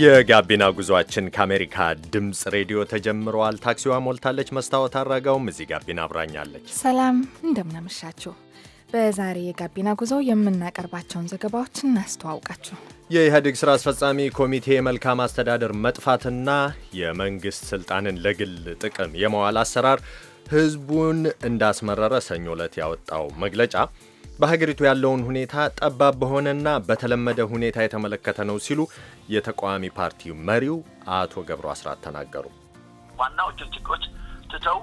የጋቢና ጉዟችን ከአሜሪካ ድምፅ ሬዲዮ ተጀምረዋል። ታክሲዋ ሞልታለች። መስታወት አድራጋውም እዚህ ጋቢና አብራኛለች። ሰላም እንደምናመሻችሁ። በዛሬ የጋቢና ጉዞ የምናቀርባቸውን ዘገባዎች እናስተዋውቃችሁ። የኢህአዴግ ስራ አስፈጻሚ ኮሚቴ የመልካም አስተዳደር መጥፋትና የመንግስት ስልጣንን ለግል ጥቅም የመዋል አሰራር ህዝቡን እንዳስመረረ ሰኞ ዕለት ያወጣው መግለጫ በሀገሪቱ ያለውን ሁኔታ ጠባብ በሆነና በተለመደ ሁኔታ የተመለከተ ነው ሲሉ የተቃዋሚ ፓርቲ መሪው አቶ ገብሩ አስራት ተናገሩ። ዋናዎቹ ችግሮች ትተው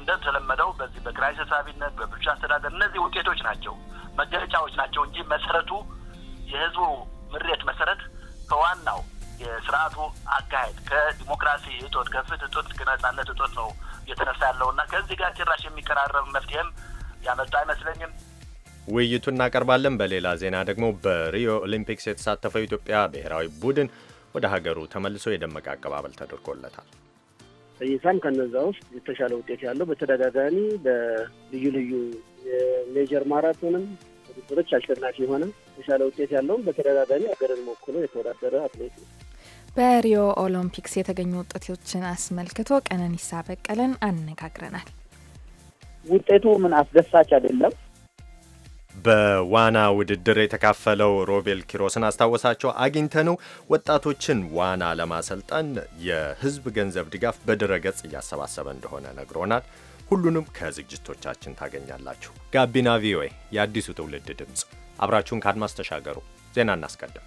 እንደተለመደው በዚህ በክራይ ሰብሳቢነት፣ በብልሹ አስተዳደር እነዚህ ውጤቶች ናቸው፣ መገለጫዎች ናቸው እንጂ መሰረቱ የህዝቡ ምሬት መሰረት ከዋናው የስርዓቱ አካሄድ ከዲሞክራሲ እጦት፣ ከፍትህ እጦት፣ ከነጻነት እጦት ነው እየተነሳ ያለውና ከዚህ ጋር ጭራሽ የሚቀራረብ መፍትሄም ያመጣ አይመስለኝም። ውይይቱ እናቀርባለን። በሌላ ዜና ደግሞ በሪዮ ኦሊምፒክስ የተሳተፈው ኢትዮጵያ ብሔራዊ ቡድን ወደ ሀገሩ ተመልሶ የደመቀ አቀባበል ተደርጎለታል። ፈይሳም ከነዛ ውስጥ የተሻለ ውጤት ያለው በተደጋጋሚ በልዩ ልዩ የሜጀር ማራቶንም ውድድሮች አሸናፊ የሆነ የተሻለ ውጤት ያለውም በተደጋጋሚ ሀገርን ሞክሎ የተወዳደረ አትሌት ነው። በሪዮ ኦሎምፒክስ የተገኙ ውጤቶችን አስመልክቶ ቀነኒሳ በቀለን አነጋግረናል። ውጤቱ ምን አስደሳች አይደለም በዋና ውድድር የተካፈለው ሮቤል ኪሮስን አስታወሳቸው። አግኝተ ነው ወጣቶችን ዋና ለማሰልጠን የህዝብ ገንዘብ ድጋፍ በድረገጽ እያሰባሰበ እንደሆነ ነግሮናል። ሁሉንም ከዝግጅቶቻችን ታገኛላችሁ። ጋቢና ቪኦኤ የአዲሱ ትውልድ ድምፅ፣ አብራችሁን ከአድማስ ተሻገሩ። ዜና እናስቀድም።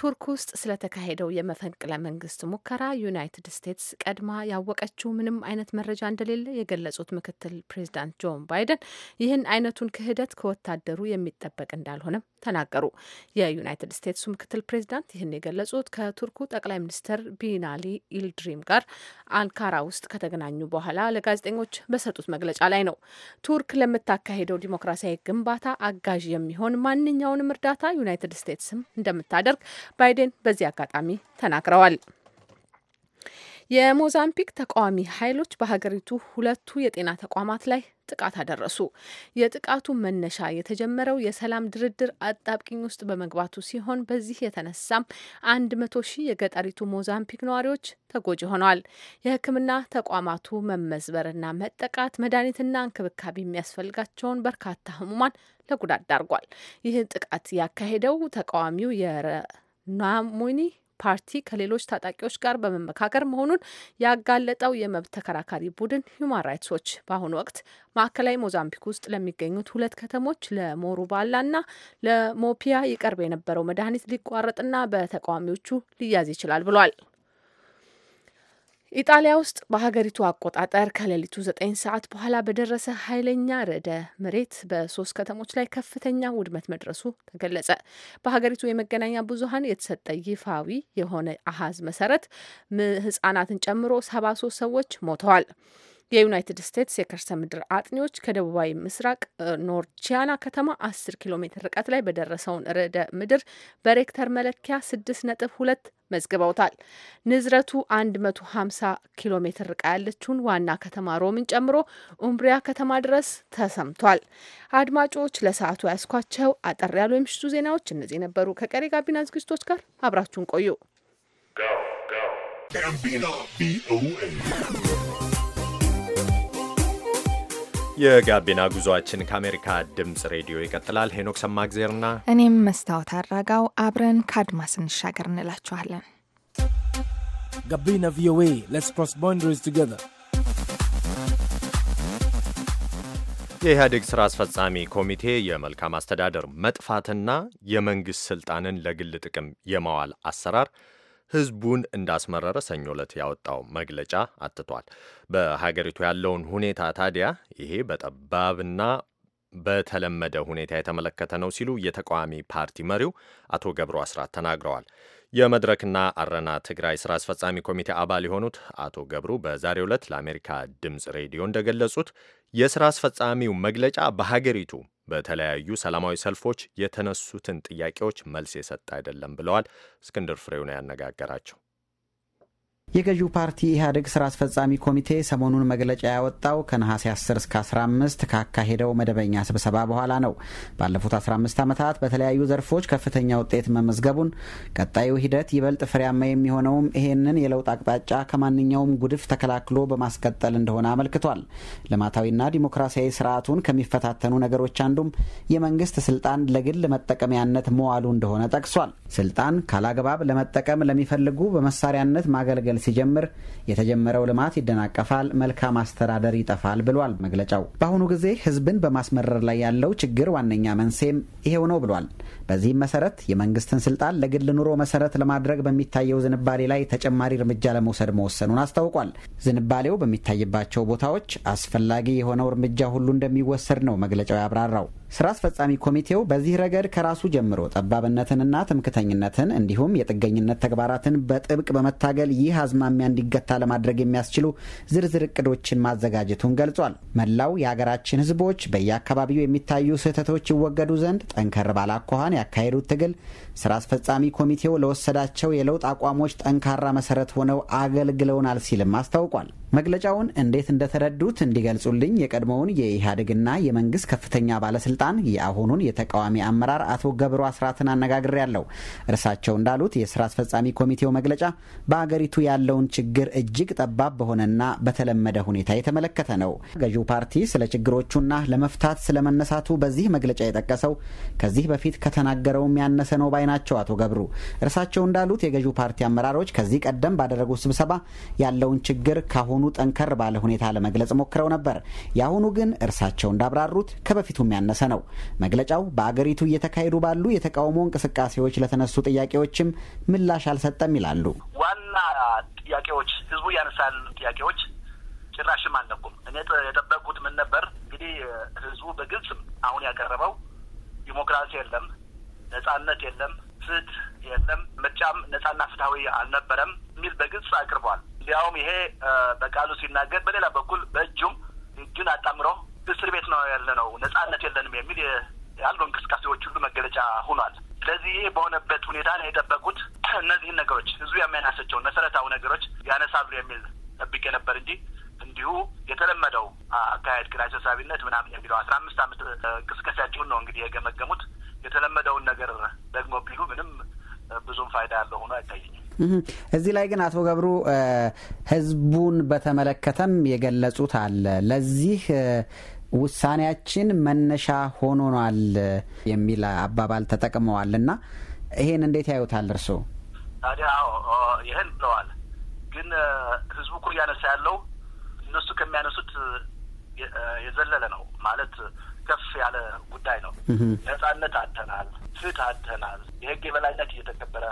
ቱርክ ውስጥ ስለተካሄደው የመፈንቅለ መንግስት ሙከራ ዩናይትድ ስቴትስ ቀድማ ያወቀችው ምንም አይነት መረጃ እንደሌለ የገለጹት ምክትል ፕሬዚዳንት ጆ ባይደን ይህን አይነቱን ክህደት ከወታደሩ የሚጠበቅ እንዳልሆነም ተናገሩ። የዩናይትድ ስቴትሱ ምክትል ፕሬዚዳንት ይህን የገለጹት ከቱርኩ ጠቅላይ ሚኒስትር ቢናሊ ኢልድሪም ጋር አንካራ ውስጥ ከተገናኙ በኋላ ለጋዜጠኞች በሰጡት መግለጫ ላይ ነው። ቱርክ ለምታካሄደው ዲሞክራሲያዊ ግንባታ አጋዥ የሚሆን ማንኛውንም እርዳታ ዩናይትድ ስቴትስም እንደምታደርግ ባይደን በዚህ አጋጣሚ ተናግረዋል። የሞዛምቢክ ተቃዋሚ ኃይሎች በሀገሪቱ ሁለቱ የጤና ተቋማት ላይ ጥቃት አደረሱ። የጥቃቱ መነሻ የተጀመረው የሰላም ድርድር አጣብቂኝ ውስጥ በመግባቱ ሲሆን በዚህ የተነሳም አንድ መቶ ሺህ የገጠሪቱ ሞዛምፒክ ነዋሪዎች ተጎጂ ሆነዋል። የሕክምና ተቋማቱ መመዝበርና መጠቃት መድኃኒትና እንክብካቤ የሚያስፈልጋቸውን በርካታ ህሙማን ለጉዳት ዳርጓል። ይህ ጥቃት ያካሄደው ተቃዋሚው ናሙኒ ፓርቲ ከሌሎች ታጣቂዎች ጋር በመመካከር መሆኑን ያጋለጠው የመብት ተከራካሪ ቡድን ሁማን ራይትስ ዎች በአሁኑ ወቅት ማዕከላዊ ሞዛምቢክ ውስጥ ለሚገኙት ሁለት ከተሞች ለሞሩባላና ለሞፒያ ይቀርብ የነበረው መድኃኒት ሊቋረጥና በተቃዋሚዎቹ ሊያዝ ይችላል ብሏል። ኢጣሊያ ውስጥ በሀገሪቱ አቆጣጠር ከሌሊቱ ዘጠኝ ሰዓት በኋላ በደረሰ ኃይለኛ ርዕደ መሬት በሶስት ከተሞች ላይ ከፍተኛ ውድመት መድረሱ ተገለጸ። በሀገሪቱ የመገናኛ ብዙኃን የተሰጠ ይፋዊ የሆነ አሀዝ መሰረት ህጻናትን ጨምሮ ሰባ ሶስት ሰዎች ሞተዋል። የዩናይትድ ስቴትስ የከርሰ ምድር አጥኚዎች ከደቡባዊ ምስራቅ ኖርቺያና ከተማ 10 ኪሎ ሜትር ርቀት ላይ በደረሰውን ርዕደ ምድር በሬክተር መለኪያ ሁለት መዝግበውታል። ንዝረቱ 150 ኪሎ ሜትር ርቃ ያለችውን ዋና ከተማ ሮምን ጨምሮ ኡምብሪያ ከተማ ድረስ ተሰምቷል። አድማጮች ለሰዓቱ ያስኳቸው አጠር ያሉ የምሽቱ ዜናዎች እነዚህ ነበሩ። ከቀሪ ጋቢና ዝግጅቶች ጋር አብራችሁን ቆዩ። የጋቢና ጉዟችን ከአሜሪካ ድምፅ ሬዲዮ ይቀጥላል። ሄኖክ ሰማግዜርና እኔም መስታወት አድራጋው አብረን ከአድማስ እንሻገር እንላችኋለን። ጋቢና ቪኦኤ ሌትስ ክሮስ ቱጌዘር። የኢህአዴግ ስራ አስፈጻሚ ኮሚቴ የመልካም አስተዳደር መጥፋትና የመንግሥት ስልጣንን ለግል ጥቅም የማዋል አሰራር ህዝቡን እንዳስመረረ ሰኞ ዕለት ያወጣው መግለጫ አትቷል። በሀገሪቱ ያለውን ሁኔታ ታዲያ ይሄ በጠባብና በተለመደ ሁኔታ የተመለከተ ነው ሲሉ የተቃዋሚ ፓርቲ መሪው አቶ ገብሩ አስራት ተናግረዋል። የመድረክና አረና ትግራይ ስራ አስፈጻሚ ኮሚቴ አባል የሆኑት አቶ ገብሩ በዛሬው ዕለት ለአሜሪካ ድምፅ ሬዲዮ እንደገለጹት የስራ አስፈጻሚው መግለጫ በሀገሪቱ በተለያዩ ሰላማዊ ሰልፎች የተነሱትን ጥያቄዎች መልስ የሰጠ አይደለም ብለዋል። እስክንድር ፍሬው ነው ያነጋገራቸው። የገዢው ፓርቲ ኢህአዴግ ስራ አስፈጻሚ ኮሚቴ ሰሞኑን መግለጫ ያወጣው ከነሐሴ 10 እስከ 15 ካካሄደው መደበኛ ስብሰባ በኋላ ነው። ባለፉት 15 ዓመታት በተለያዩ ዘርፎች ከፍተኛ ውጤት መመዝገቡን፣ ቀጣዩ ሂደት ይበልጥ ፍሬያማ የሚሆነውም ይሄንን የለውጥ አቅጣጫ ከማንኛውም ጉድፍ ተከላክሎ በማስቀጠል እንደሆነ አመልክቷል። ልማታዊና ዲሞክራሲያዊ ስርዓቱን ከሚፈታተኑ ነገሮች አንዱም የመንግስት ስልጣን ለግል መጠቀሚያነት መዋሉ እንደሆነ ጠቅሷል። ስልጣን ካላግባብ ለመጠቀም ለሚፈልጉ በመሳሪያነት ማገልገል ማገልገል ሲጀምር የተጀመረው ልማት ይደናቀፋል፣ መልካም አስተዳደር ይጠፋል ብሏል መግለጫው። በአሁኑ ጊዜ ህዝብን በማስመረር ላይ ያለው ችግር ዋነኛ መንስኤም ይሄው ነው ብሏል። በዚህም መሰረት የመንግስትን ስልጣን ለግል ኑሮ መሰረት ለማድረግ በሚታየው ዝንባሌ ላይ ተጨማሪ እርምጃ ለመውሰድ መወሰኑን አስታውቋል። ዝንባሌው በሚታይባቸው ቦታዎች አስፈላጊ የሆነው እርምጃ ሁሉ እንደሚወሰድ ነው መግለጫው ያብራራው። ስራ አስፈጻሚ ኮሚቴው በዚህ ረገድ ከራሱ ጀምሮ ጠባብነትንና ትምክተኝነትን እንዲሁም የጥገኝነት ተግባራትን በጥብቅ በመታገል ይህ አዝማሚያ እንዲገታ ለማድረግ የሚያስችሉ ዝርዝር እቅዶችን ማዘጋጀቱን ገልጿል። መላው የሀገራችን ህዝቦች በየአካባቢው የሚታዩ ስህተቶች ይወገዱ ዘንድ ጠንከር ባላኳኋን ያካሄዱት ትግል ስራ አስፈጻሚ ኮሚቴው ለወሰዳቸው የለውጥ አቋሞች ጠንካራ መሰረት ሆነው አገልግለውናል ሲልም አስታውቋል። መግለጫውን እንዴት እንደተረዱት እንዲገልጹልኝ የቀድሞውን የኢህአዴግና የመንግስት ከፍተኛ ባለስልጣ ባለስልጣን የአሁኑን የተቃዋሚ አመራር አቶ ገብሩ አስራትን ያለው እርሳቸው እንዳሉት የስራ አስፈጻሚ ኮሚቴው መግለጫ በአገሪቱ ያለውን ችግር እጅግ ጠባብ በሆነና በተለመደ ሁኔታ የተመለከተ ነው። ገዢው ፓርቲ ስለ ችግሮቹና ለመፍታት ስለመነሳቱ በዚህ መግለጫ የጠቀሰው ከዚህ በፊት ከተናገረውም ያነሰ ነው ባይ ናቸው አቶ ገብሩ። እርሳቸው እንዳሉት የገዢው ፓርቲ አመራሮች ከዚህ ቀደም ባደረጉት ስብሰባ ያለውን ችግር ካሁኑ ጠንከር ባለ ሁኔታ ለመግለጽ ሞክረው ነበር። የአሁኑ ግን እርሳቸው እንዳብራሩት ከበፊቱም ያነሰ ነው። ነው። መግለጫው በአገሪቱ እየተካሄዱ ባሉ የተቃውሞ እንቅስቃሴዎች ለተነሱ ጥያቄዎችም ምላሽ አልሰጠም ይላሉ። ዋና ጥያቄዎች ህዝቡ ያነሳል ጥያቄዎች ጭራሽም አለኩም። እኔ የጠበቁት ምን ነበር እንግዲህ ህዝቡ በግልጽ አሁን ያቀረበው ዲሞክራሲ የለም፣ ነጻነት የለም፣ ፍትህ የለም፣ ምርጫም ነጻና ፍትሐዊ አልነበረም የሚል በግልጽ አቅርቧል። እንዲያውም ይሄ በቃሉ ሲናገር፣ በሌላ በኩል በእጁም እጁን አጣምሮ እስር ቤት ነው ያለ ነው፣ ነጻነት የለንም የሚል ያሉ እንቅስቃሴዎች ሁሉ መገለጫ ሆኗል። ስለዚህ ይሄ በሆነበት ሁኔታ ነው የጠበቁት እነዚህን ነገሮች ህዝቡ የሚያናሳቸውን መሰረታዊ ነገሮች ያነሳሉ የሚል ጠብቄ ነበር እንጂ እንዲሁ የተለመደው አካሄድ ግን አሰሳቢነት ምናምን የሚለው አስራ አምስት አመት እንቅስቃሴያቸውን ነው እንግዲህ የገመገሙት። የተለመደውን ነገር ደግሞ ቢሉ ምንም ብዙም ፋይዳ ያለው ሆኖ አይታየኝም። እዚህ ላይ ግን አቶ ገብሩ ህዝቡን በተመለከተም የገለጹት አለ ለዚህ ውሳኔያችን መነሻ ሆኖኗል የሚል አባባል ተጠቅመዋል እና ይሄን እንዴት ያዩታል እርስዎ? ታዲያ ይህን ብለዋል። ግን ህዝቡ እኮ እያነሳ ያለው እነሱ ከሚያነሱት የዘለለ ነው ማለት ከፍ ያለ ጉዳይ ነው። ነጻነት አተናል ፍትህ አተናል፣ የህግ የበላይነት እየተከበረ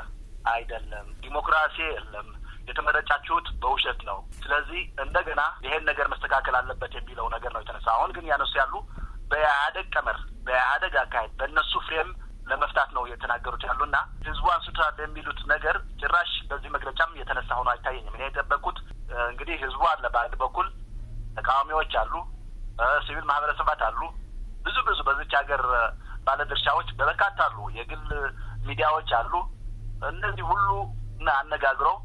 አይደለም፣ ዲሞክራሲ የለም የተመረጫችሁት በውሸት ነው። ስለዚህ እንደገና ይሄን ነገር መስተካከል አለበት የሚለው ነገር ነው የተነሳ። አሁን ግን ያነሱ ያሉ በኢህአደግ ቀመር፣ በኢህአደግ አካሄድ፣ በእነሱ ፍሬም ለመፍታት ነው የተናገሩት ያሉና ህዝቡ አንስቷል የሚሉት ነገር ጭራሽ በዚህ መግለጫም የተነሳ ሆኖ አይታየኝም። እኔ የጠበቅኩት እንግዲህ ህዝቡ አለ፣ በአንድ በኩል ተቃዋሚዎች አሉ፣ ሲቪል ማህበረሰባት አሉ፣ ብዙ ብዙ በዚች ሀገር ባለድርሻዎች በበርካታ አሉ፣ የግል ሚዲያዎች አሉ። እነዚህ ሁሉ አነጋግረው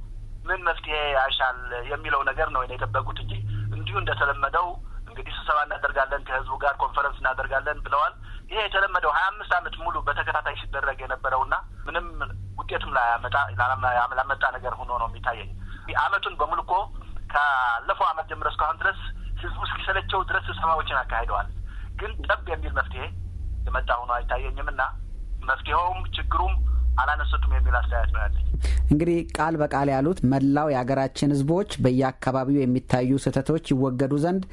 ምን መፍትሄ ያሻል የሚለው ነገር ነው የጠበቁት እንጂ እንዲሁ እንደተለመደው እንግዲህ ስብሰባ እናደርጋለን ከህዝቡ ጋር ኮንፈረንስ እናደርጋለን ብለዋል። ይሄ የተለመደው ሀያ አምስት ዓመት ሙሉ በተከታታይ ሲደረግ የነበረውና ምንም ውጤቱም ላመጣ ነገር ሆኖ ነው የሚታየኝ። አመቱን በሙሉ እኮ ካለፈው አመት ጀምረ እስካሁን ድረስ ህዝቡ እስኪሰለቸው ድረስ ስብሰባዎችን አካሂደዋል። ግን ጠብ የሚል መፍትሄ የመጣ ሆኖ አይታየኝም እና መፍትሄውም ችግሩም አላነሰቱም የሚል አስተያየት ነው ያለኝ። እንግዲህ ቃል በቃል ያሉት መላው የሀገራችን ህዝቦች በየአካባቢው የሚታዩ ስህተቶች ይወገዱ ዘንድ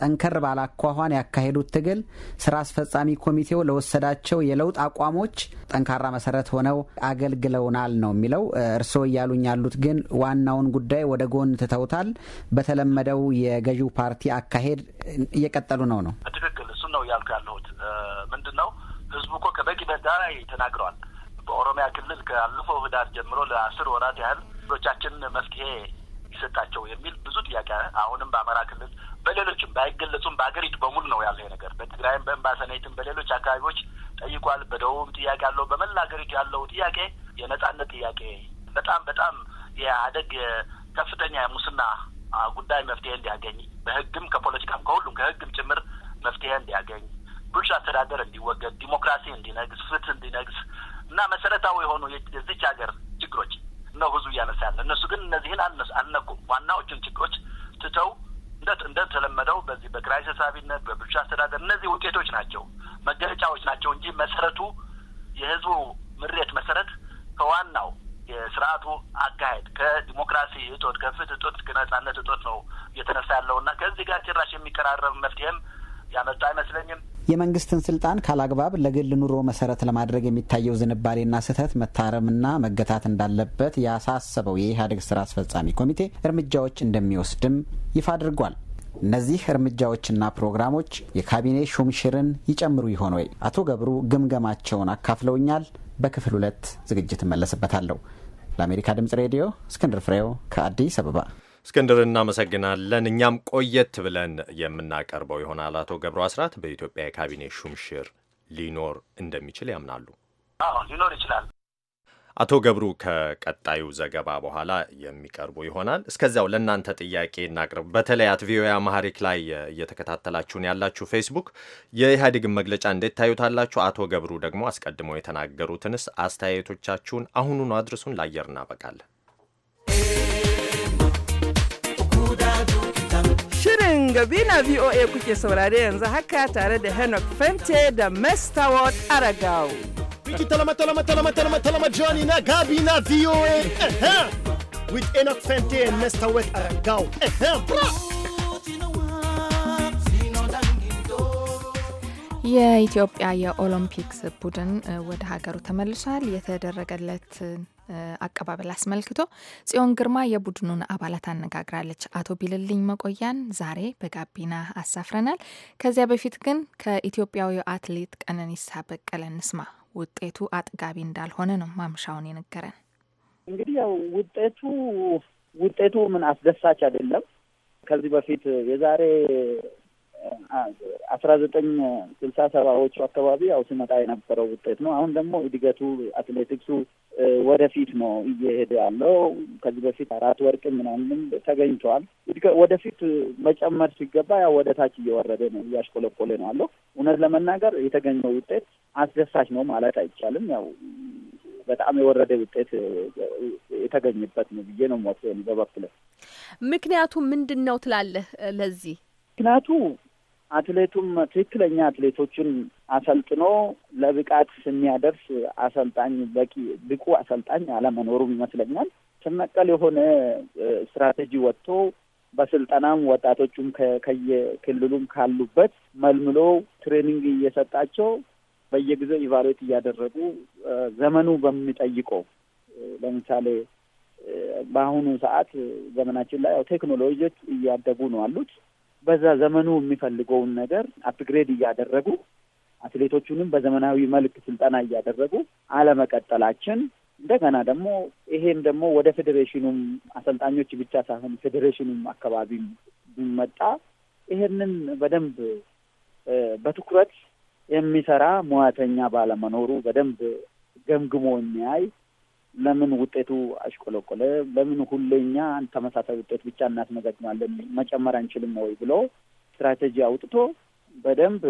ጠንከር ባላኳኋን ያካሄዱት ትግል ስራ አስፈጻሚ ኮሚቴው ለወሰዳቸው የለውጥ አቋሞች ጠንካራ መሰረት ሆነው አገልግለውናል ነው የሚለው። እርስዎ እያሉኝ ያሉት ግን ዋናውን ጉዳይ ወደ ጎን ትተውታል። በተለመደው የገዢው ፓርቲ አካሄድ እየቀጠሉ ነው ነው ትክክል። እሱን ነው እያልኩ ያለሁት። ምንድን ነው ህዝቡ እኮ ከበቂ በዳራ ተናግረዋል። በኦሮሚያ ክልል ካለፈው ህዳር ጀምሮ ለአስር ወራት ያህል ቻችን መፍትሄ ይሰጣቸው የሚል ብዙ ጥያቄ አሁንም በአማራ ክልል በሌሎችም ባይገለጹም በሀገሪቱ በሙሉ ነው ያለ ነገር። በትግራይም በእምባሰናይትም በሌሎች አካባቢዎች ጠይቋል። በደቡብም ጥያቄ አለው። በመላ ሀገሪቱ ያለው ጥያቄ የነጻነት ጥያቄ በጣም በጣም የአደግ ከፍተኛ የሙስና ጉዳይ መፍትሄ እንዲያገኝ በህግም ከፖለቲካም ከሁሉም ከህግም ጭምር መፍትሄ እንዲያገኝ፣ ብልሹ አስተዳደር እንዲወገድ፣ ዲሞክራሲ እንዲነግስ፣ ፍትህ እንዲነግስ እና መሰረታዊ የሆኑ የዚች ሀገር ችግሮች ነው ህዝቡ እያነሳ ያለ። እነሱ ግን እነዚህን አልነኩም። ዋናዎቹን ችግሮች ትተው እንደተለመደው በዚህ በኪራይ ሰብሳቢነት፣ በብልሹ አስተዳደር እነዚህ ውጤቶች ናቸው መገለጫዎች ናቸው እንጂ መሰረቱ የህዝቡ ምሬት መሰረት ከዋናው የስርዓቱ አካሄድ ከዲሞክራሲ እጦት፣ ከፍትህ እጦት፣ ከነጻነት እጦት ነው እየተነሳ ያለው እና ከዚህ ጋር ጭራሽ የሚቀራረብ መፍትሄም ያመጣ አይመስለኝም። የመንግስትን ስልጣን ካላግባብ ለግል ኑሮ መሰረት ለማድረግ የሚታየው ዝንባሌና ስህተት መታረምና መገታት እንዳለበት ያሳሰበው የኢህአዴግ ስራ አስፈጻሚ ኮሚቴ እርምጃዎች እንደሚወስድም ይፋ አድርጓል። እነዚህ እርምጃዎችና ፕሮግራሞች የካቢኔ ሹምሽርን ይጨምሩ ይሆን ወይ? አቶ ገብሩ ግምገማቸውን አካፍለውኛል። በክፍል ሁለት ዝግጅት እመለስበታለሁ። ለአሜሪካ ድምጽ ሬዲዮ እስክንድር ፍሬው ከአዲስ አበባ እስክንድር እናመሰግናለን። እኛም ቆየት ብለን የምናቀርበው ይሆናል። አቶ ገብሩ አስራት በኢትዮጵያ የካቢኔ ሹምሽር ሊኖር እንደሚችል ያምናሉ? አዎ ሊኖር ይችላል። አቶ ገብሩ ከቀጣዩ ዘገባ በኋላ የሚቀርቡ ይሆናል። እስከዚያው ለእናንተ ጥያቄ እናቅርብ። በተለይ አት ቪኦኤ አማሪክ ላይ እየተከታተላችሁን ያላችሁ ፌስቡክ የኢህአዴግን መግለጫ እንዴት ታዩታላችሁ? አቶ ገብሩ ደግሞ አስቀድሞ የተናገሩትንስ አስተያየቶቻችሁን አሁኑኑ አድርሱን። ለአየር እናበቃለን። Shirin Gabina VOA kuke saurare yanzu haka tare da Enoch Fente da Mesta Ward Aragao. Wiki talama talama talama talama talama Johnny na Gabina VOA. With Enoch Fente and Mesta Ward Aragao. የኢትዮጵያ የኦሎምፒክስ ቡድን ወደ ሀገሩ ተመልሷል። የተደረገለት አቀባበል አስመልክቶ ጽዮን ግርማ የቡድኑን አባላት አነጋግራለች። አቶ ቢልልኝ መቆያን ዛሬ በጋቢና አሳፍረናል። ከዚያ በፊት ግን ከኢትዮጵያዊ አትሌት ቀነኒሳ በቀለ እንስማ። ውጤቱ አጥጋቢ እንዳልሆነ ነው ማምሻውን የነገረን። እንግዲህ ያው ውጤቱ ውጤቱ ምን አስደሳች አይደለም። ከዚህ በፊት የዛሬ አስራ ዘጠኝ ስልሳ ሰባዎቹ አካባቢ ያው ሲመጣ የነበረው ውጤት ነው። አሁን ደግሞ እድገቱ አትሌቲክሱ ወደፊት ነው እየሄደ ያለው። ከዚህ በፊት አራት ወርቅ ምናምንም ተገኝተዋል። ወደፊት መጨመር ሲገባ ያው ወደ ታች እየወረደ ነው፣ እያሽቆለቆለ ነው አለው። እውነት ለመናገር የተገኘው ውጤት አስደሳች ነው ማለት አይቻልም። ያው በጣም የወረደ ውጤት የተገኘበት ነው ብዬ ነው ሞት በበኩለ ምክንያቱ ምንድን ነው ትላለህ ለዚህ ምክንያቱ አትሌቱም ትክክለኛ አትሌቶችን አሰልጥኖ ለብቃት የሚያደርስ አሰልጣኝ በቂ ብቁ አሰልጣኝ አለመኖሩም ይመስለኛል። ስር ነቀል የሆነ ስትራቴጂ ወጥቶ በስልጠናም ወጣቶቹም ከየክልሉም ካሉበት መልምሎ ትሬኒንግ እየሰጣቸው በየጊዜው ኢቫሉዌት እያደረጉ ዘመኑ በሚጠይቀው ለምሳሌ በአሁኑ ሰዓት ዘመናችን ላይ ያው ቴክኖሎጂዎች እያደጉ ነው አሉት በዛ ዘመኑ የሚፈልገውን ነገር አፕግሬድ እያደረጉ አትሌቶቹንም በዘመናዊ መልክ ስልጠና እያደረጉ አለመቀጠላችን እንደገና ደግሞ ይሄም ደግሞ ወደ ፌዴሬሽኑም አሰልጣኞች ብቻ ሳይሆን ፌዴሬሽኑም አካባቢ ቢመጣ ይሄንን በደንብ በትኩረት የሚሰራ ሙያተኛ ባለመኖሩ በደንብ ገምግሞ የሚያይ ለምን ውጤቱ አሽቆለቆለ? ለምን ሁሌኛ ተመሳሳይ ውጤት ብቻ እናስመዘግባለን? መጨመር አንችልም ወይ ብሎ ስትራቴጂ አውጥቶ በደንብ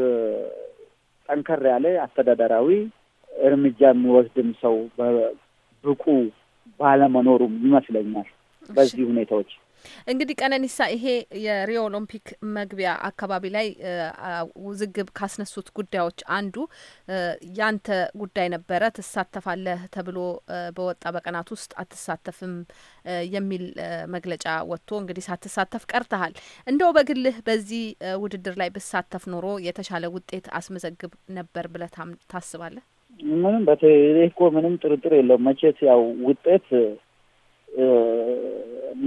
ጠንከር ያለ አስተዳደራዊ እርምጃ የሚወስድም ሰው ብቁ ባለመኖሩም ይመስለኛል በዚህ ሁኔታዎች እንግዲህ ቀነኒሳ፣ ይሄ የሪዮ ኦሎምፒክ መግቢያ አካባቢ ላይ ውዝግብ ካስነሱት ጉዳዮች አንዱ ያንተ ጉዳይ ነበረ። ትሳተፋለህ ተብሎ በወጣ በቀናት ውስጥ አትሳተፍም የሚል መግለጫ ወጥቶ እንግዲህ ሳትሳተፍ ቀርተሃል። እንደው በግልህ በዚህ ውድድር ላይ ብሳተፍ ኖሮ የተሻለ ውጤት አስመዘግብ ነበር ብለህ ታስባለህ? ምንም በቴሌኮ ምንም ጥርጥር የለውም። መቼት ያው ውጤት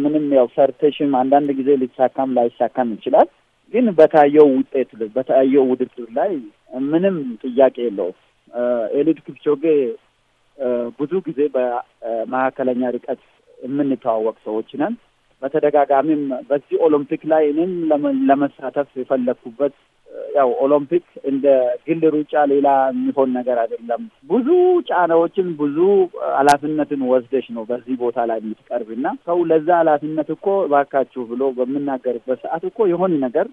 ምንም ያው ሰርተሽም አንዳንድ ጊዜ ሊሳካም ላይሳካም ይችላል። ግን በታየው ውጤት በታየው ውድድር ላይ ምንም ጥያቄ የለውም። ኤሊድ ኪፕቾጌ ብዙ ጊዜ በመካከለኛ ርቀት የምንተዋወቅ ሰዎች ነን። በተደጋጋሚም በዚህ ኦሎምፒክ ላይ እኔም ለመሳተፍ የፈለግኩበት ያው ኦሎምፒክ እንደ ግል ሩጫ ሌላ የሚሆን ነገር አይደለም። ብዙ ጫናዎችን ብዙ ኃላፊነትን ወስደሽ ነው በዚህ ቦታ ላይ የምትቀርብ እና ሰው ለዛ ኃላፊነት እኮ ባካችሁ ብሎ በምናገርበት ሰዓት እኮ የሆነ ነገር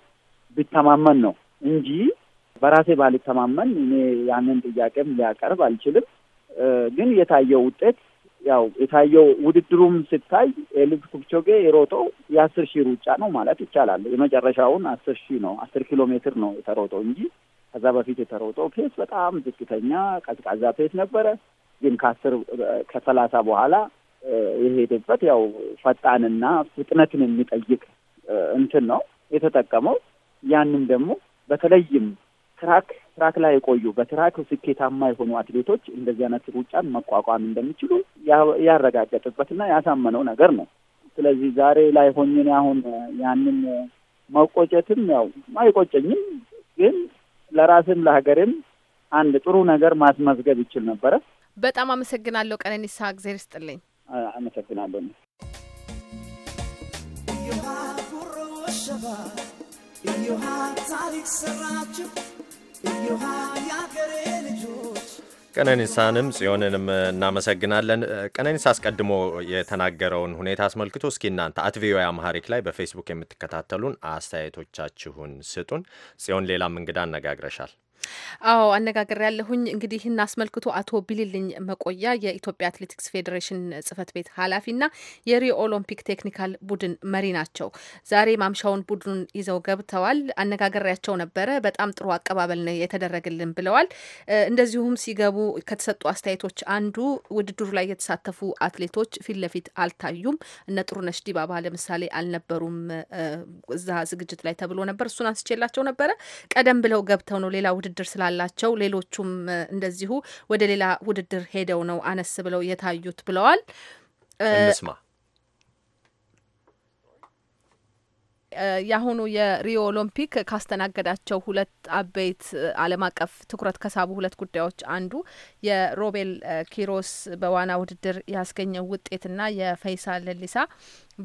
ቢተማመን ነው እንጂ በራሴ ባልተማመን እኔ ያንን ጥያቄም ሊያቀርብ አልችልም። ግን የታየው ውጤት ያው የታየው ውድድሩም ስታይ ኤሊድ ኩፕቾጌ የሮጠው የአስር ሺህ ሩጫ ነው ማለት ይቻላል። የመጨረሻውን አስር ሺህ ነው አስር ኪሎ ሜትር ነው የተሮጠው እንጂ ከዛ በፊት የተሮጠው ፔስ በጣም ዝቅተኛ ቀዝቃዛ ፔስ ነበረ። ግን ከአስር ከሰላሳ በኋላ የሄደበት ያው ፈጣንና ፍጥነትን የሚጠይቅ እንትን ነው የተጠቀመው። ያንም ደግሞ በተለይም ትራክ ትራክ ላይ የቆዩ በትራክ ስኬታማ የሆኑ አትሌቶች እንደዚህ አይነት ሩጫን መቋቋም እንደሚችሉ ያረጋገጥበትና ያሳመነው ነገር ነው። ስለዚህ ዛሬ ላይ ሆኝን አሁን ያንን መቆጨትም ያው አይቆጨኝም፣ ግን ለራስም ለሀገርም አንድ ጥሩ ነገር ማስመዝገብ ይችል ነበረ። በጣም አመሰግናለሁ ቀነኒሳ፣ እግዜር ይስጥልኝ። አመሰግናለሁ። እዮሃ ጉሮ ሸባ እዮሃ ታሪክ ሰራችሁ ቀነኒሳንም ጽዮንንም እናመሰግናለን። ቀነኒሳ አስቀድሞ የተናገረውን ሁኔታ አስመልክቶ እስኪ እናንተ አት ቪኦኤ አማሪክ ላይ በፌስቡክ የምትከታተሉን አስተያየቶቻችሁን ስጡን። ጽዮን ሌላም እንግዳ አነጋግረሻል። አዎ አነጋገር ያለሁኝ እንግዲህ ይህን አስመልክቶ አቶ ቢልልኝ መቆያ የኢትዮጵያ አትሌቲክስ ፌዴሬሽን ጽህፈት ቤት ኃላፊና የሪዮ ኦሎምፒክ ቴክኒካል ቡድን መሪ ናቸው። ዛሬ ማምሻውን ቡድኑን ይዘው ገብተዋል። አነጋገሪያቸው ነበረ። በጣም ጥሩ አቀባበል ነው የተደረገልን ብለዋል። እንደዚሁም ሲገቡ ከተሰጡ አስተያየቶች አንዱ ውድድሩ ላይ የተሳተፉ አትሌቶች ፊት ለፊት አልታዩም፣ እነ ጥሩነሽ ዲባባ ለምሳሌ አልነበሩም እዛ ዝግጅት ላይ ተብሎ ነበር። እሱን አንስቼላቸው ነበረ። ቀደም ብለው ገብተው ነው ሌላ ውድድር ውድድር ስላላቸው ሌሎቹም እንደዚሁ ወደ ሌላ ውድድር ሄደው ነው አነስ ብለው የታዩት ብለዋል። እንስማ። የአሁኑ የሪዮ ኦሎምፒክ ካስተናገዳቸው ሁለት አበይት ዓለም አቀፍ ትኩረት ከሳቡ ሁለት ጉዳዮች አንዱ የሮቤል ኪሮስ በዋና ውድድር ያስገኘው ውጤትና የፈይሳ ሌሊሳ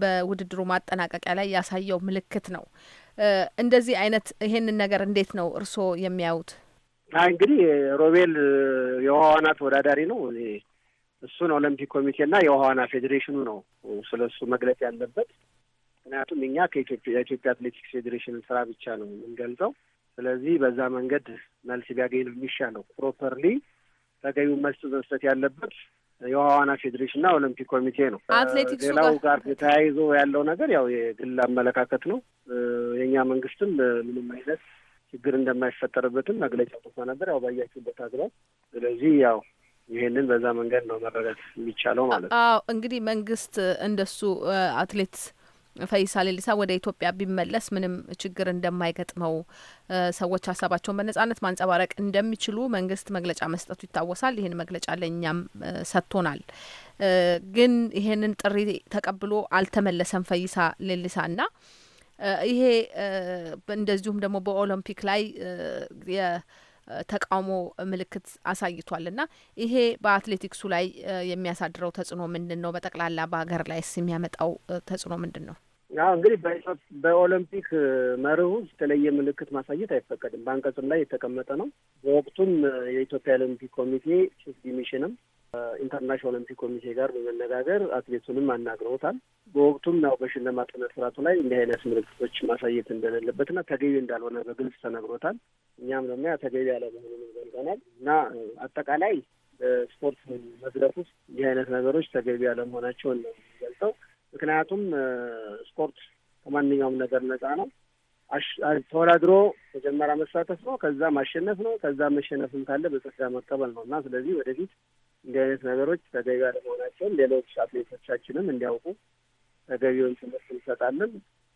በውድድሩ ማጠናቀቂያ ላይ ያሳየው ምልክት ነው። እንደዚህ አይነት ይሄንን ነገር እንዴት ነው እርስዎ የሚያዩት? እንግዲህ ሮቤል የውሃ ዋና ተወዳዳሪ ነው። እሱን ኦሎምፒክ ኮሚቴና የውሃ ዋና ፌዴሬሽኑ ነው ስለ እሱ መግለጽ ያለበት። ምክንያቱም እኛ ከኢትዮጵያ ኢትዮጵያ አትሌቲክስ ፌዴሬሽንን ስራ ብቻ ነው የምንገልጸው። ስለዚህ በዛ መንገድ መልስ ቢያገኝ ነው የሚሻለው። ፕሮፐርሊ ተገቢውን መልስ መስጠት ያለበት የዋዋና እና ኦሎምፒክ ኮሚቴ ነው። ሌላው ጋር ተያይዞ ያለው ነገር ያው የግል አመለካከት ነው። የእኛ መንግስትም ምንም አይነት ችግር እንደማይፈጠርበትም መግለጫ ጥፎ ነበር ያው ባያችሁበት አግባብ። ስለዚህ ያው ይህንን በዛ መንገድ ነው መረዳት የሚቻለው ማለት ነው። አዎ እንግዲህ መንግስት እንደሱ አትሌት ፈይሳ ሌሊሳ ወደ ኢትዮጵያ ቢመለስ ምንም ችግር እንደማይገጥመው ሰዎች ሀሳባቸውን በነጻነት ማንጸባረቅ እንደሚችሉ መንግስት መግለጫ መስጠቱ ይታወሳል። ይህን መግለጫ ለእኛም ሰጥቶናል። ግን ይሄንን ጥሪ ተቀብሎ አልተመለሰም ፈይሳ ሌሊሳ እና ይሄ እንደዚሁም ደግሞ በኦሎምፒክ ላይ የተቃውሞ ምልክት አሳይቷል እና ይሄ በአትሌቲክሱ ላይ የሚያሳድረው ተጽዕኖ ምንድን ነው? በጠቅላላ በሀገር ላይስ የሚያመጣው ተጽዕኖ ምንድን ነው? አዎ እንግዲህ በኦሎምፒክ መርህ ውስጥ የተለየ ምልክት ማሳየት አይፈቀድም። በአንቀጽም ላይ የተቀመጠ ነው። በወቅቱም የኢትዮጵያ ኦሎምፒክ ኮሚቴ ቺፍ ዲሚሽንም ኢንተርናሽናል ኦሎምፒክ ኮሚቴ ጋር በመነጋገር አትሌቱንም አናግረውታል። በወቅቱም ያው በሽልማት ስነ ስርዓቱ ላይ እንዲህ አይነት ምልክቶች ማሳየት እንደሌለበትና ተገቢ እንዳልሆነ በግልጽ ተነግሮታል። እኛም ደግሞ ያ ተገቢ ያለመሆኑን ገልጠናል እና አጠቃላይ በስፖርት መድረክ ውስጥ እንዲህ አይነት ነገሮች ተገቢ ያለመሆናቸውን ነው የሚገልጠው። ምክንያቱም ስፖርት ከማንኛውም ነገር ነጻ ነው። ተወዳድሮ መጀመሪያ መሳተፍ ነው፣ ከዛ ማሸነፍ ነው፣ ከዛ መሸነፍም ካለ በጸጋ መቀበል ነው እና ስለዚህ ወደፊት እንዲህ አይነት ነገሮች ተገቢ አለመሆናቸውን ሌሎች አትሌቶቻችንም እንዲያውቁ ተገቢውን ትምህርት እንሰጣለን።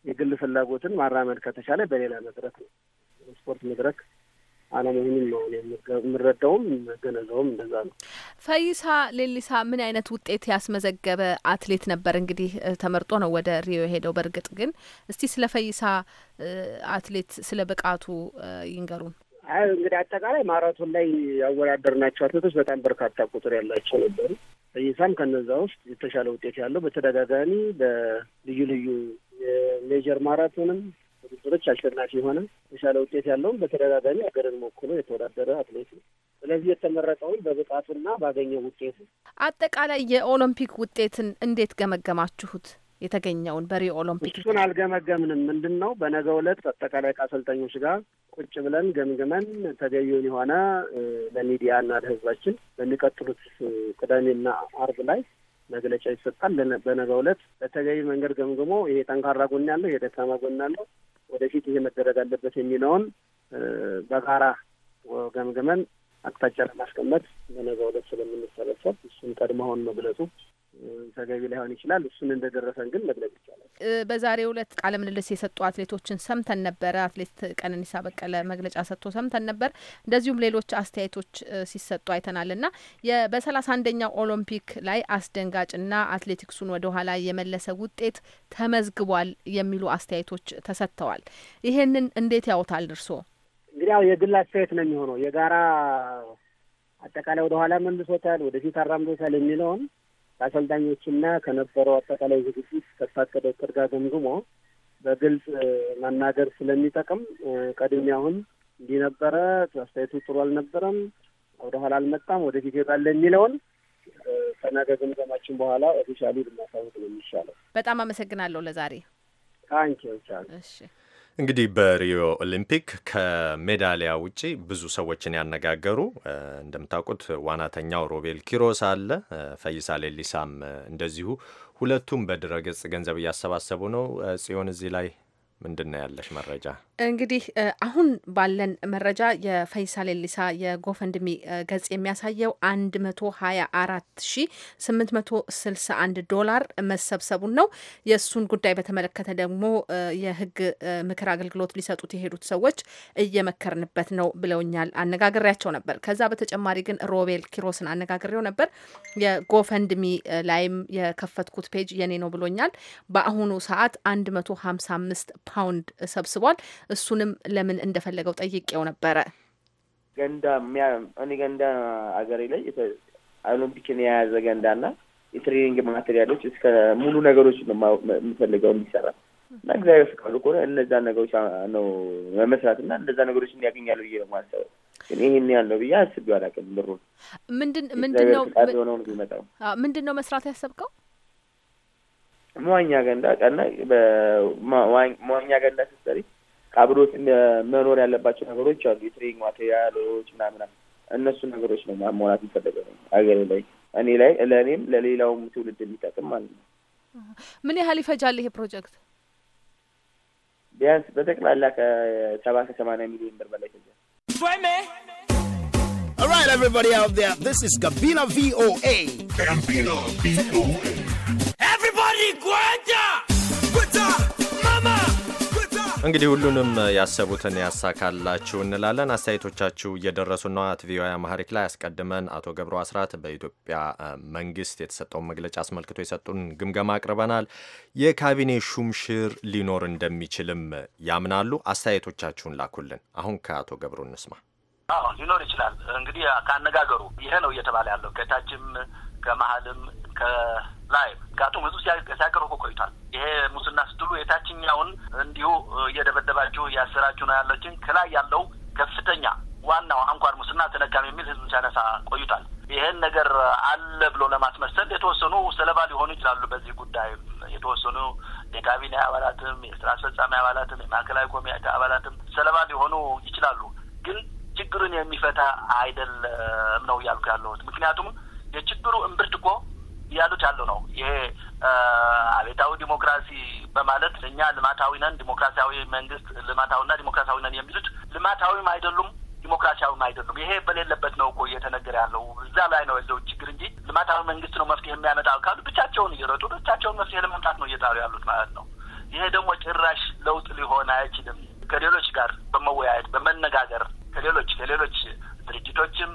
የግል ፍላጎትን ማራመድ ከተቻለ በሌላ መድረክ ነው ስፖርት መድረክ አለመሆኑን ነው የምረዳውም መገነዘቡም እንደዛ ነው። ፈይሳ ሌሊሳ ምን አይነት ውጤት ያስመዘገበ አትሌት ነበር? እንግዲህ ተመርጦ ነው ወደ ሪዮ የሄደው። በእርግጥ ግን እስቲ ስለ ፈይሳ አትሌት ስለ ብቃቱ ይንገሩን። አይ እንግዲህ አጠቃላይ ማራቶን ላይ ያወዳደር ናቸው አትሌቶች በጣም በርካታ ቁጥር ያላቸው ነበሩ። ፈይሳም ከነዛ ውስጥ የተሻለ ውጤት ያለው በተደጋጋሚ በልዩ ልዩ የሜጀር ማራቶንም ውድድሮች አሸናፊ የሆነ የተሻለ ውጤት ያለውም በተደጋጋሚ ሀገርን ሞክሎ የተወዳደረ አትሌት ነው። ስለዚህ የተመረጠውን በብቃቱና ባገኘው ውጤት አጠቃላይ የኦሎምፒክ ውጤትን እንዴት ገመገማችሁት? የተገኘውን በሪ ኦሎምፒክ እሱን አልገመገምንም። ምንድን ነው በነገው ዕለት አጠቃላይ ከአሰልጣኞች ጋር ቁጭ ብለን ገምግመን ተገቢውን የሆነ ለሚዲያ እና ለህዝባችን በሚቀጥሉት ቅዳሜና አርብ ላይ መግለጫ ይሰጣል። በነገው ዕለት በተገቢ መንገድ ገምግሞ ይሄ ጠንካራ ጎን ያለው፣ ይሄ ደካማ ጎን ያለው ወደፊት ይሄ መደረግ አለበት የሚለውን በጋራ ገምግመን አቅጣጫ ለማስቀመጥ በነገ ሁለት ስለምንሰበሰብ እሱን ቀድመውን መግለጹ ተገቢ ላይሆን ይችላል። እሱን እንደደረሰን ግን መግለጽ ይቻላል። በዛሬ ዕለት ቃለ ምልልስ የሰጡ አትሌቶችን ሰምተን ነበረ። አትሌት ቀነኒሳ በቀለ መግለጫ ሰጥቶ ሰምተን ነበር። እንደዚሁም ሌሎች አስተያየቶች ሲሰጡ አይተናል ና በሰላሳ አንደኛው ኦሎምፒክ ላይ ና አትሌቲክሱን ወደ ኋላ የመለሰ ውጤት ተመዝግቧል የሚሉ አስተያየቶች ተሰጥተዋል። ይሄንን እንዴት ያውታል እርስዎ? እንግዲህ ያው የግል አስተያየት ነው የሚሆነው የጋራ አጠቃላይ ወደ ኋላ መልሶታል፣ ወደፊት አራምዶታል የሚለውን ከአሰልጣኞችና ከነበረው አጠቃላይ ዝግጅት ተስፋት ከዶክተር ጋር ገምግሞ በግልጽ መናገር ስለሚጠቅም ቀድሜ አሁን እንዲህ ነበረ፣ አስተያየቱ ጥሩ አልነበረም፣ ወደ ኋላ አልመጣም፣ ወደፊት ይሄዳል የሚለውን ከነገ ግምገማችን በኋላ ኦፊሻሊ ልናሳውቅ ነው የሚሻለው። በጣም አመሰግናለሁ። ለዛሬ ታንኪ ይቻል እንግዲህ በሪዮ ኦሊምፒክ ከሜዳሊያ ውጪ ብዙ ሰዎችን ያነጋገሩ እንደምታውቁት ዋናተኛው ሮቤል ኪሮስ አለ፣ ፈይሳ ሌሊሳም እንደዚሁ። ሁለቱም በድረገጽ ገንዘብ እያሰባሰቡ ነው። ጽዮን እዚህ ላይ ምንድን ነው ያለሽ መረጃ? እንግዲህ አሁን ባለን መረጃ የፈይሳ ሌሊሳ የጎፈንድሚ ገጽ የሚያሳየው አንድ መቶ ሀያ አራት ሺ ስምንት መቶ ስልሳ አንድ ዶላር መሰብሰቡን ነው። የእሱን ጉዳይ በተመለከተ ደግሞ የህግ ምክር አገልግሎት ሊሰጡት የሄዱት ሰዎች እየመከርንበት ነው ብለውኛል። አነጋግሬያቸው ነበር። ከዛ በተጨማሪ ግን ሮቤል ኪሮስን አነጋግሬው ነበር። የጎፈንድሚ ላይም የከፈትኩት ፔጅ የኔ ነው ብሎኛል። በአሁኑ ሰዓት አንድ መቶ ሀምሳ አምስት ፓውንድ ሰብስቧል። እሱንም ለምን እንደፈለገው ጠይቄው ነበረ። ገንዳ እኔ ገንዳ አገሬ ላይ ኦሎምፒክን የያዘ ገንዳ ገንዳና የትሬኒንግ ማቴሪያሎች እስከ ሙሉ ነገሮች ነው የምፈልገው እንዲሰራ እና እግዚአብሔር ፍቃዱ ከሆነ እነዛ ነገሮች ነው መመስራት እና እነዛ ነገሮች እንዲያገኛሉ ብዬ ነው ማሰበው። ግን ይህን ያለው ብዬ አስቤው አላውቅም። ብሩን ምንድን ምንድን ነው ምንድን ነው መስራት ያሰብከው? መዋኛ ገንዳ ቀና መዋኛ ገንዳ ስትሰሪ አብሮት መኖር ያለባቸው ነገሮች አሉ። የትሬኒንግ ማቴሪያሎች ምናምን እነሱ ነገሮች ነው ማሟላት የሚፈለገው አገሬ ላይ እኔ ላይ ለእኔም ለሌላውም ትውልድ የሚጠቅም ማለት ነው። ምን ያህል ይፈጃል ይሄ ፕሮጀክት? ቢያንስ በጠቅላላ ከሰባ ከሰማንያ ሚሊዮን ብር በላይ ይፈጃል። All right, everybody out there, this is Gabina VOA. Gabina VOA. እንግዲህ ሁሉንም ያሰቡትን ያሳካላችሁ እንላለን። አስተያየቶቻችሁ እየደረሱ ነው። አት ቪኦኤ አማሪክ ላይ አስቀድመን አቶ ገብሩ አስራት በኢትዮጵያ መንግስት የተሰጠውን መግለጫ አስመልክቶ የሰጡን ግምገማ አቅርበናል። የካቢኔ ሹምሽር ሊኖር እንደሚችልም ያምናሉ። አስተያየቶቻችሁን ላኩልን። አሁን ከአቶ ገብሩ እንስማ። አዎ ሊኖር ይችላል። እንግዲህ ከአነጋገሩ ይሄ ነው እየተባለ ያለው ከታችም ከመሀልም ከላይ ምክንያቱም ህዝብ ሲያቀርቡ ቆይቷል። ይሄ ሙስና ስትሉ የታችኛውን እንዲሁ እየደበደባችሁ እያሰራችሁ ነው ያለችን ከላይ ያለው ከፍተኛ ዋናው አንኳር ሙስና ተነካም የሚል ህዝብ ሲያነሳ ቆይቷል። ይሄን ነገር አለ ብሎ ለማስመሰል የተወሰኑ ሰለባ ሊሆኑ ይችላሉ። በዚህ ጉዳይ የተወሰኑ የካቢኔ አባላትም የስራ አስፈጻሚ አባላትም የማዕከላዊ ኮሚቴ አባላትም ሰለባ ሊሆኑ ይችላሉ። ግን ችግርን የሚፈታ አይደለም ነው እያልኩ ያለሁት። ምክንያቱም የችግሩ እምብርት እኮ እያሉት ያለው ነው። ይሄ አቤታዊ ዲሞክራሲ በማለት እኛ ልማታዊ ነን፣ ዲሞክራሲያዊ መንግስት ልማታዊና ዲሞክራሲያዊ ነን የሚሉት ልማታዊም አይደሉም ዲሞክራሲያዊም አይደሉም። ይሄ በሌለበት ነው እኮ እየተነገረ ያለው። እዛ ላይ ነው ያለው ችግር እንጂ ልማታዊ መንግስት ነው መፍትሄ የሚያመጣ ካሉ ብቻቸውን እየረጡ ብቻቸውን መፍትሄ ለመምጣት ነው እየጣሩ ያሉት ማለት ነው። ይሄ ደግሞ ጭራሽ ለውጥ ሊሆን አይችልም። ከሌሎች ጋር በመወያየት በመነጋገር ከሌሎች ከሌሎች ድርጅቶችም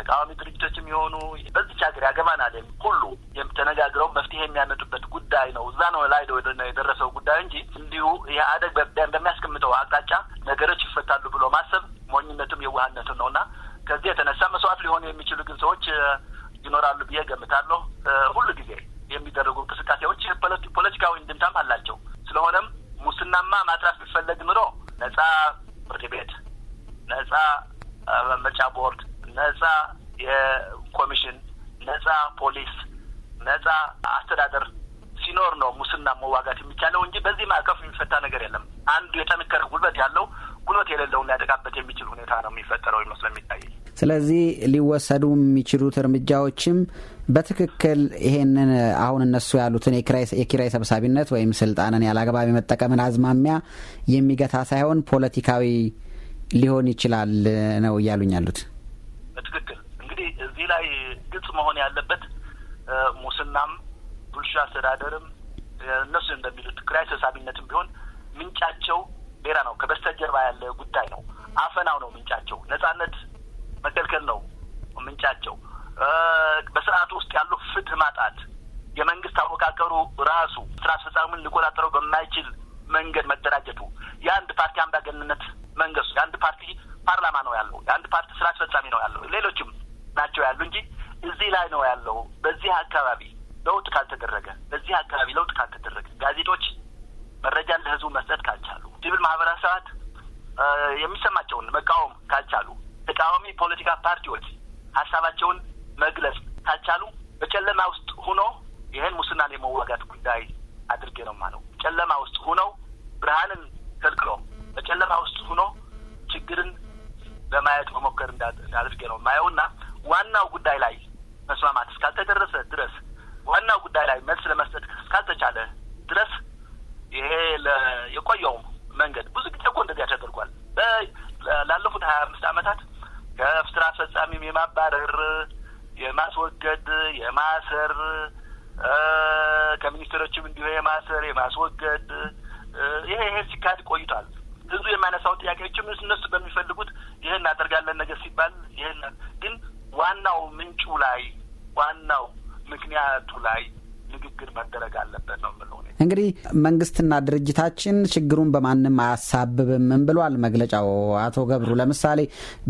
ተቃዋሚ ድርጅቶችም የሆኑ በዚች ሀገር ያገባናል ሁሉ ተነጋግረው መፍትሄ የሚያመጡበት ጉዳይ ነው። እዛ ነው ላይ የደረሰው ጉዳይ እንጂ እንዲሁ ኢህአዴግ በሚያስቀምጠው አቅጣጫ ነገሮች ይፈታሉ ብሎ ማሰብ ሞኝነቱም የዋህነቱም ነው እና ከዚህ የተነሳ መስዋዕት ሊሆኑ የሚችሉ ግን ሰዎች ይኖራሉ ብዬ ገምታለሁ። ሁሉ ጊዜ የሚደረጉ እንቅስቃሴዎች ፖለቲካዊ እንድምታም አላቸው። ስለሆነም ሙስናማ ማጥራት ቢፈለግ ኑሮ ነጻ ፍርድ ቤት፣ ነጻ ምርጫ ቦርድ ነጻ የኮሚሽን ነጻ ፖሊስ፣ ነጻ አስተዳደር ሲኖር ነው ሙስና መዋጋት የሚቻለው እንጂ በዚህ ማዕቀፍ የሚፈታ ነገር የለም። አንዱ የጠንከረ ጉልበት ያለው ጉልበት የሌለውን ሊያጠቃበት የሚችል ሁኔታ ነው የሚፈጠረው ይመስለ የሚታይ። ስለዚህ ሊወሰዱ የሚችሉት እርምጃዎችም በትክክል ይሄንን አሁን እነሱ ያሉትን የኪራይ ሰብሳቢነት ወይም ስልጣንን ያላግባብ የመጠቀምን አዝማሚያ የሚገታ ሳይሆን ፖለቲካዊ ሊሆን ይችላል ነው እያሉኝ ያሉት። በትክክል እንግዲህ እዚህ ላይ ግልጽ መሆን ያለበት ሙስናም ብልሹ አስተዳደርም እነሱ እንደሚሉት ኪራይ ሰብሳቢነትም ቢሆን ምንጫቸው ሌላ ነው። ከበስተጀርባ ያለ ጉዳይ ነው። አፈናው ነው ምንጫቸው። ነጻነት መከልከል ነው ምንጫቸው። በስርዓቱ ውስጥ ያሉ ፍትህ ማጣት፣ የመንግስት አወቃቀሩ ራሱ ስራ አስፈጻሚውን ሊቆጣጠረው በማይችል መንገድ መደራጀቱ፣ የአንድ ፓርቲ አምባገንነት መንገሱ፣ የአንድ ፓርቲ ፓርላማ ነው ያለው፣ የአንድ ፓርቲ ስራ ነው ያለው። በዚህ አካባቢ ለውጥ ካልተደረገ በዚህ አካባቢ ለውጥ ካልተደረገ ጋዜጦች መረጃን ለህዝቡ መስጠት ካልቻሉ፣ ሲቪል ማህበረሰባት የሚሰማቸውን መቃወም ካልቻሉ፣ ተቃዋሚ ፖለቲካ ፓርቲዎች ሀሳባቸውን ይሄ ይሄ ሲካሄድ ቆይቷል። ህዝቡ የማነሳው ጥያቄዎችም እነሱ በሚፈልጉት ይህን እናደርጋለን ነገር ሲባል ይህን ግን ዋናው ምንጩ ላይ ዋናው ምክንያቱ ላይ ንግግር መደረግ አለበት ነው እንግዲህ መንግስትና ድርጅታችን ችግሩን በማንም አያሳብብም ብሏል መግለጫው። አቶ ገብሩ ለምሳሌ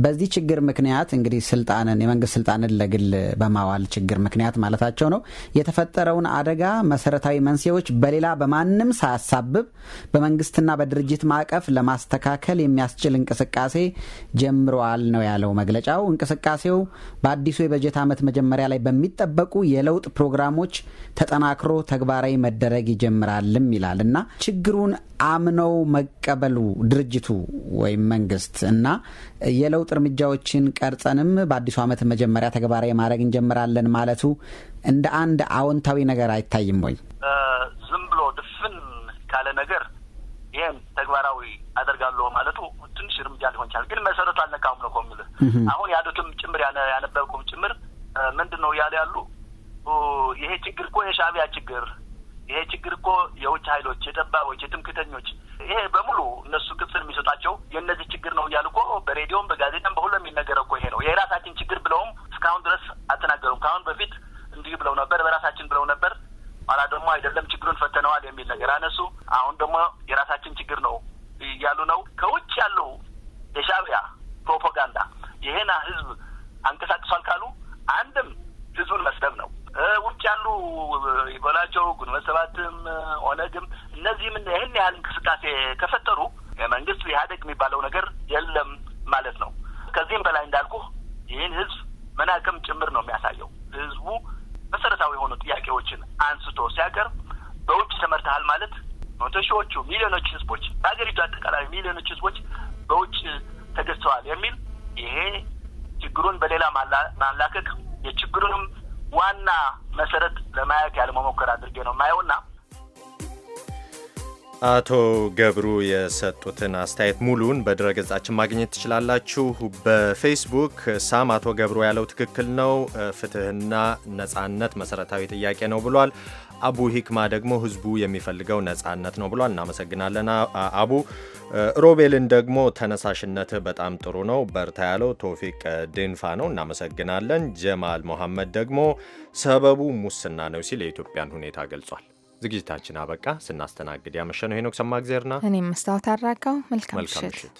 በዚህ ችግር ምክንያት እንግዲህ ስልጣንን የመንግስት ስልጣንን ለግል በማዋል ችግር ምክንያት ማለታቸው ነው የተፈጠረውን አደጋ መሰረታዊ መንስኤዎች በሌላ በማንም ሳያሳብብ በመንግስትና በድርጅት ማዕቀፍ ለማስተካከል የሚያስችል እንቅስቃሴ ጀምረዋል ነው ያለው መግለጫው። እንቅስቃሴው በአዲሱ የበጀት ዓመት መጀመሪያ ላይ በሚጠበቁ የለውጥ ፕሮግራሞች ተጠናክሮ ተግባራዊ መደረግ ይጀምራል ይጀምራልም ይላል እና ችግሩን አምነው መቀበሉ ድርጅቱ ወይም መንግስት እና የለውጥ እርምጃዎችን ቀርጸንም በአዲሱ ዓመት መጀመሪያ ተግባራዊ ማድረግ እንጀምራለን ማለቱ እንደ አንድ አዎንታዊ ነገር አይታይም ወይ? ዝም ብሎ ድፍን ካለ ነገር ይህን ተግባራዊ አደርጋለሁ ማለቱ ትንሽ እርምጃ ሊሆን ይችላል፣ ግን መሰረቱ አልነካሁም ነው እኮ አሁን ያሉትም ጭምር ያነበብኩም ጭምር ምንድን ነው እያለ ያሉ ይሄ ችግር እኮ የሻቢያ ችግር ይሄ ችግር እኮ የውጭ ኃይሎች፣ የጠባቦች፣ የትምክተኞች ይሄ በሙሉ እነሱ ክፍል የሚሰጣቸው የእነዚህ ችግር ነው እያሉ እኮ በሬዲዮም በጋዜጣም በሁሉ የሚነገረው እኮ ይሄ ነው። የራሳችን ችግር ብለውም እስካሁን ድረስ አልተናገሩም። ከአሁን በፊት እንዲህ ብለው ነበር፣ በራሳችን ብለው ነበር። ኋላ ደግሞ አይደለም ችግሩን ፈተነዋል የሚል ነገር አነሱ። አሁን ደግሞ የራሳችን ችግር ነው እያሉ ነው። ከውጭ ያለው የሻቢያ ፕሮፓጋንዳ ይሄን ህዝብ አንቀሳቅሷል ካሉ አንድም ህዝቡን መስደብ ነው ውጭ ያሉ የበላቸው ግንቦት ሰባትም ኦነግም እነዚህም ይህን ያህል እንቅስቃሴ ከፈጠሩ የመንግስት ኢህአዴግ የሚባለው ነገር የለም ማለት ነው። ከዚህም በላይ እንዳልኩ ይህን ህዝብ መናቅም ጭምር ነው የሚያሳየው። ህዝቡ መሰረታዊ የሆኑ ጥያቄዎችን አንስቶ ሲያቀርብ በውጭ ተመርተሃል ማለት መቶ ሺዎቹ ሚሊዮኖች ህዝቦች በሀገሪቱ አጠቃላይ ሚሊዮኖች ህዝቦች በውጭ ተገዝተዋል የሚል ይሄ ችግሩን በሌላ ማላከክ የችግሩንም ዋና መሰረት ለማየት ያለመሞከር አድርጌ ነው የማየውና አቶ ገብሩ የሰጡትን አስተያየት ሙሉን በድረገጻችን ማግኘት ትችላላችሁ። በፌስቡክ ሳም አቶ ገብሩ ያለው ትክክል ነው፣ ፍትህና ነጻነት መሰረታዊ ጥያቄ ነው ብሏል። አቡ ሂክማ ደግሞ ህዝቡ የሚፈልገው ነጻነት ነው ብሏል። እናመሰግናለን አቡ። ሮቤልን ደግሞ ተነሳሽነትህ በጣም ጥሩ ነው በርታ ያለው ቶፊቅ ድንፋ ነው። እናመሰግናለን። ጀማል መሐመድ ደግሞ ሰበቡ ሙስና ነው ሲል የኢትዮጵያን ሁኔታ ገልጿል። ዝግጅታችን አበቃ። ስናስተናግድ ያመሸነው ሄኖክ ሰማእግዜርና እኔም መስታወት አድራጋው። መልካም ምሽት።